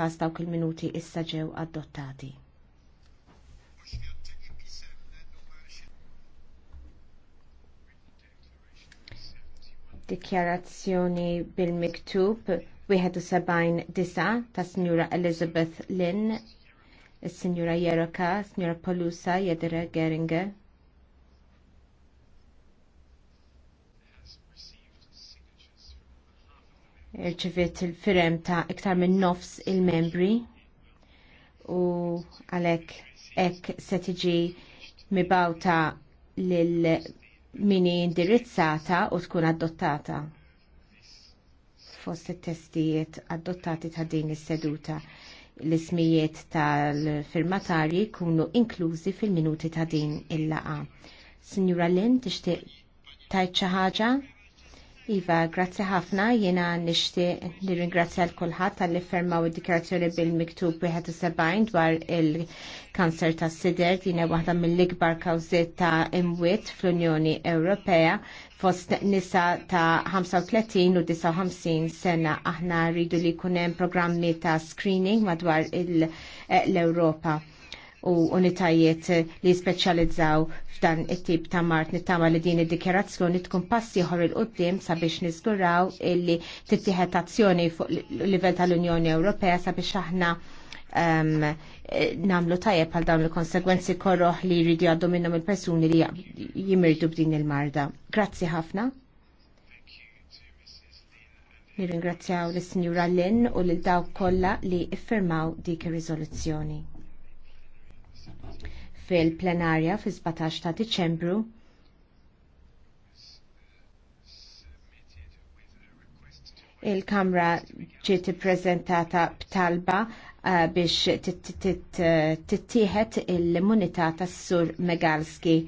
għaz dawk il-minuti issa ġew adottati. Dikjarazzjoni bil-miktub 71 ta' Signora Elizabeth Lynn, Signora Jeroka, Signora Polusa, Jedra Geringer, irċivit il-firem ta' iktar minn nofs il-membri u għalek ek se tiġi mibawta lil mini indirizzata u tkun adottata fost it-testijiet adottati ta' din is-seduta. L-ismijiet tal-firmatari kunu inklużi fil-minuti ta' din il-laqa. Signora Lin, tixtieq tajt xi ħaġa? Iva, grazzi ħafna, jena nishti li ringrazzja l kolħat tal-li fermaw id-dikarazzjoni bil-miktub 71 dwar il-kanser ta' sider, jena waħda mill-ikbar kawżiet ta' imwit fl-Unjoni Ewropea fost nisa ta' 35 u 59 sena. Aħna rridu li kunem programmi ta' screening madwar l-Europa u unitajiet li speċjalizzaw f'dan it-tip ta' mart nittama li din id-dikjerazzjoni tkun passi ħor il-qoddim sabiex niżguraw illi tittieħed azzjoni fuq livell tal-Unjoni Ewropea sabiex aħna um, namlu tajjeb għal dawn il-konsegwenzi korroħ li jridu għaddu minnhom il-persuni li jimirdu b'din il-marda. Grazzi ħafna. Nirringrazzjaw l-Sinjura Lin u l-daw kollha li iffirmaw dik ir-riżoluzzjoni fil-plenarja fi 17 ta' Diċembru il-Kamra ġiet ippreżentata b'talba eh, biex tittieħed il-immunità tas-Sur Megalski.